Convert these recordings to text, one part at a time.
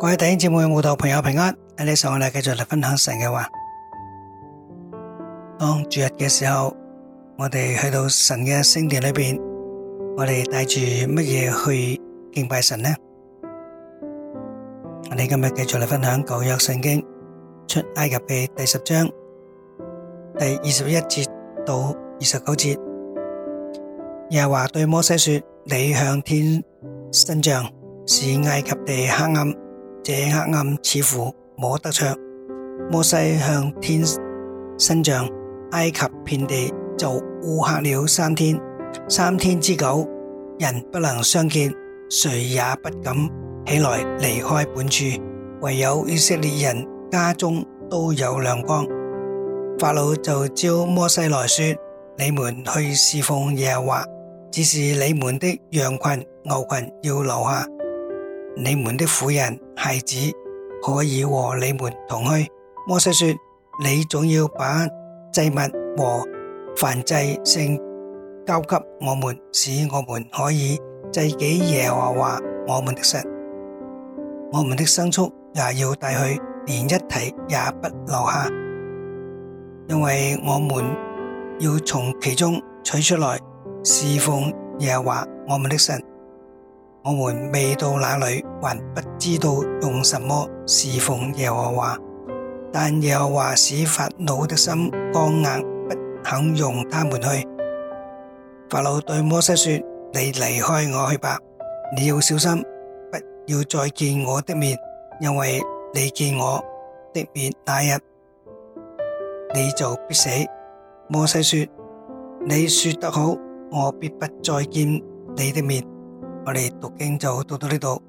各位弟兄姊妹、慕道朋友平安，喺呢上我哋繼續嚟分享神嘅話。當主日嘅時候，我哋去到神嘅聖殿裡面，我哋帶住乜嘢去敬拜神呢？我哋今日繼續嚟分享舊約聖經出埃及記第十章第二十一節到二十九節。耶和華對摩西說：你向天伸張，使埃及地黑暗。這黑暗似乎摸得着，摩西向天伸杖，埃及遍地就烏黑了三天。三天之久，人不能相見，誰也不敢起來離開本處，唯有以色列人家中都有亮光。法老就召摩西來說：你們去侍奉耶和華，只是你們的羊群、牛群要留下。你們的婦人、孩子可以和你們同去。摩西說：你總要把祭物和燔祭牲交給我們，使我們可以祭祀耶和華我們的神。我們的牲畜也要帶去，連一蹄也不留下，因為我們要從其中取出來侍奉耶和華我們的神。我們未到那裏，還不知道用什麼侍奉耶和華，但耶和華使法老的心剛硬，不肯容他們去。法老對摩西說：你離開我去吧，你要小心，不要再見我的面，因為你見我的面那日，你就必死。摩西說：你說得好，我必不再見你的面。我哋讀經就讀到呢度。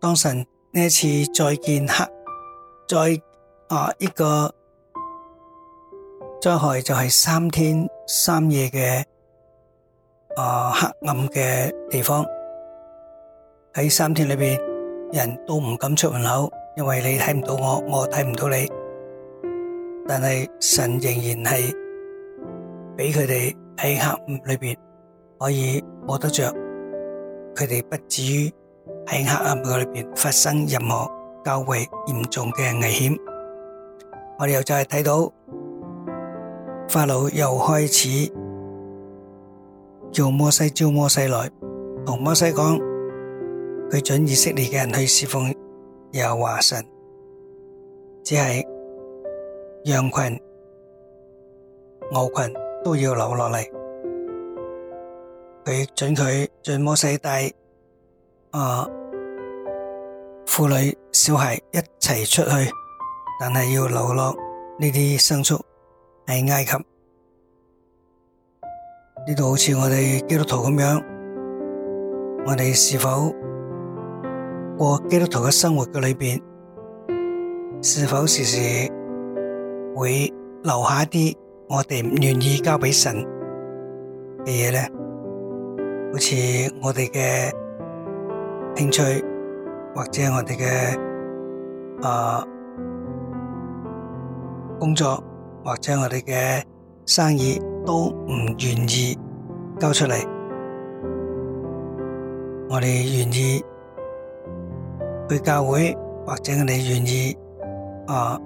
當神呢一次再見黑，再啊一個災害就係三天三夜嘅啊黑暗嘅地方喺三天裏邊。人都唔敢出門口，因為你睇唔到我，我睇唔到你。但係神仍然係俾佢哋喺黑暗裏邊可以摸得着，佢哋不至於喺黑暗嘅裏邊發生任何較為嚴重嘅危險。我哋又就係睇到法老又開始叫摩西，召摩西來同摩西講。佢准以色列嘅人去侍奉又華神，只係羊群、牛群都要留落嚟。佢准佢全部世代，啊婦女、小孩一齊出去，但係要留落呢啲牲畜喺埃及。呢度好似我哋基督徒咁樣，我哋是否？過基督徒嘅生活嘅裏邊，是否時時會留下一啲我哋唔願意交俾神嘅嘢咧？好似我哋嘅興趣，或者我哋嘅啊工作，或者我哋嘅生意，都唔願意交出嚟。我哋願意。去教會或者你願意啊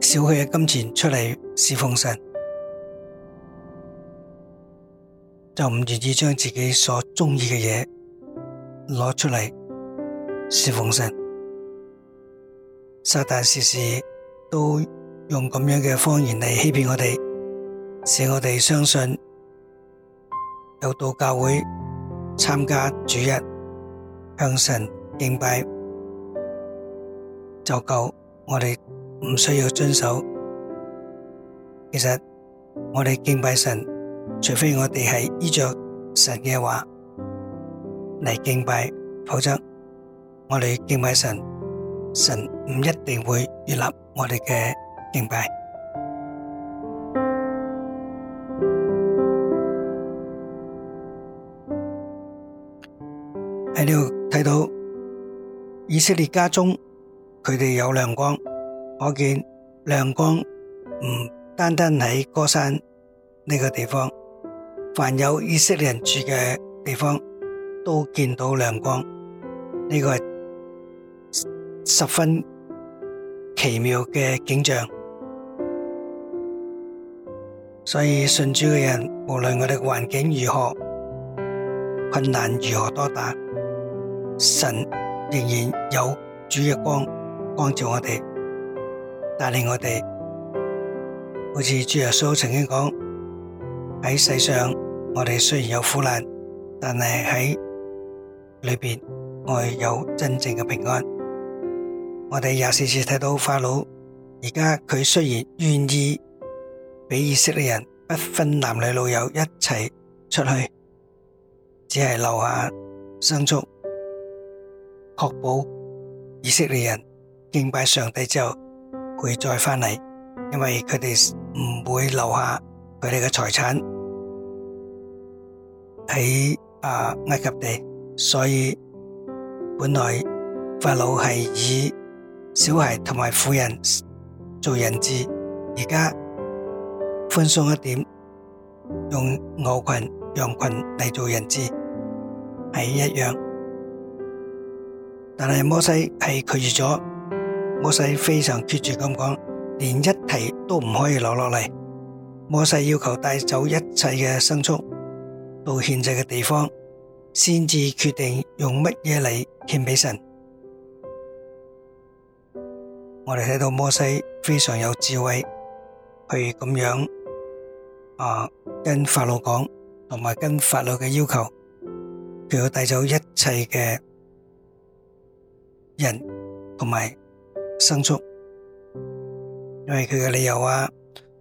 少許嘅金錢出嚟侍奉神，就唔願意將自己所鍾意嘅嘢攞出嚟侍奉神。撒旦時時都用咁樣嘅方言嚟欺騙我哋，使我哋相信有到教會參加主日向神。敬拜就夠，我哋唔需要遵守。其實我哋敬拜神，除非我哋係依著神嘅話嚟敬拜，否則我哋敬拜神，神唔一定會悅納我哋嘅敬拜。喺呢度睇到。以色列家中，佢哋有亮光，可見亮光唔單單喺歌山呢個地方，凡有以色列人住嘅地方都見到亮光，呢個係十分奇妙嘅景象。所以信主嘅人，無論我哋環境如何困難，如何多大，神。仍然有主嘅光光照我哋，帶領我哋。好似主耶穌曾經講，喺世上我哋雖然有苦難，但係喺裏邊我哋有真正嘅平安。我哋廿四次睇到法老，而家佢雖然願意俾以色列人不分男女老幼一齊出去，只係留下牲畜。確保以色列人敬拜上帝之後會再翻嚟，因為佢哋唔會留下佢哋嘅財產喺啊埃及地，所以本來法老係以小孩同埋婦人做人質，而家寬鬆一點，用牛群、羊群嚟做人質，係一樣。但係摩西係拒絕咗，摩西非常決絕咁講，連一蹄都唔可以留落嚟。摩西要求帶走一切嘅牲畜到獻祭嘅地方，先至決定用乜嘢嚟獻俾神。我哋睇到摩西非常有智慧，去咁樣啊，跟法老講，同埋跟法老嘅要求，佢要帶走一切嘅。人同埋牲畜，因為佢嘅理由話，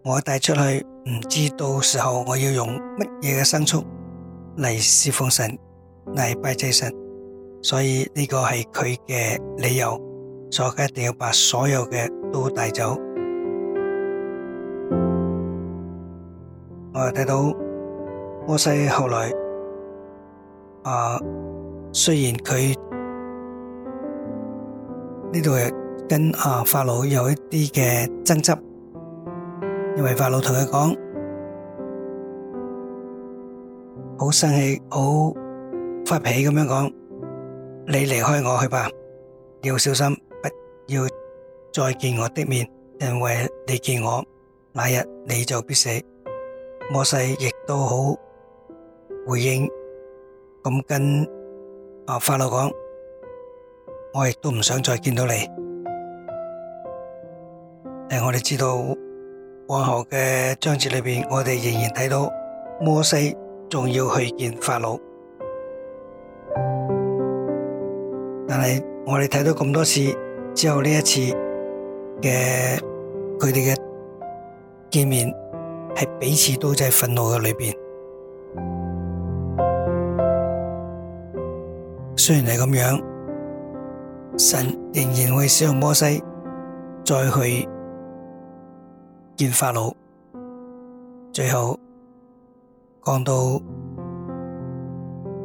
我帶出去唔知到時候我要用乜嘢嘅牲畜嚟侍奉神、嚟拜祭神，所以呢、這個係佢嘅理由，所以佢一定要把所有嘅都帶走。我又睇到摩西後來啊，雖然佢。呢度係跟啊法老有一啲嘅爭執，因為法老同佢講，好生氣、好發脾氣咁樣講，你離開我去吧，要小心，不要再見我的面，因為你見我，那日你就必死。摩西亦都好回應，咁跟啊法老講。我亦都唔想再見到你。誒，我哋知道往後嘅章節裏面，我哋仍然睇到摩西仲要去見法老。但係我哋睇到咁多次之後呢一次嘅佢哋嘅見面，係彼此都喺憤怒嘅裏面。雖然係咁樣。神仍然會使用摩西再去見法老，最後降到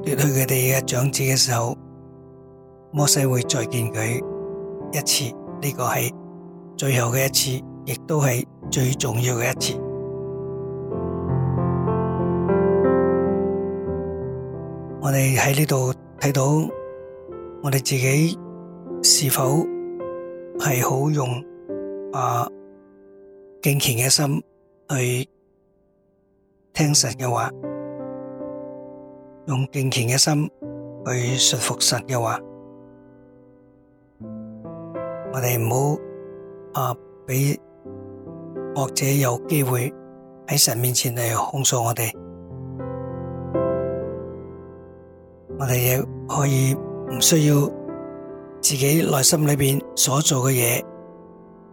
奪去佢哋嘅長子嘅時候，摩西會再見佢一次，呢個係最後嘅一次，亦都係最重要嘅一次。我哋喺呢度睇到我哋自己。是否係好用啊，敬虔嘅心去聽神嘅話，用敬虔嘅心去說服神嘅話？我哋唔好啊，俾惡者有機會喺神面前嚟控訴我哋，我哋亦可以唔需要。自己內心裡面，所做嘅嘢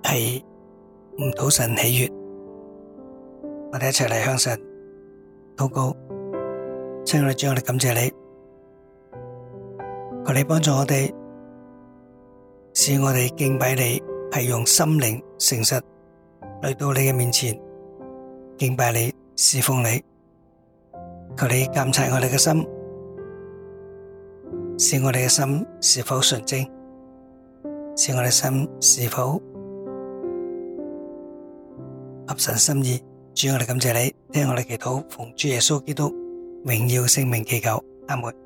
係唔討神喜悅，我哋一齊嚟向神禱告。親愛嘅主，我哋感謝你，求你幫助我哋，使我哋敬拜你係用心靈誠實嚟到你嘅面前敬拜你侍奉你，求你監察我哋嘅心，使我哋嘅心是否純正。是我哋心是否合神心意？主，我哋感謝你，聽我哋祈禱，奉主耶穌基督榮耀聖名祈求，阿門。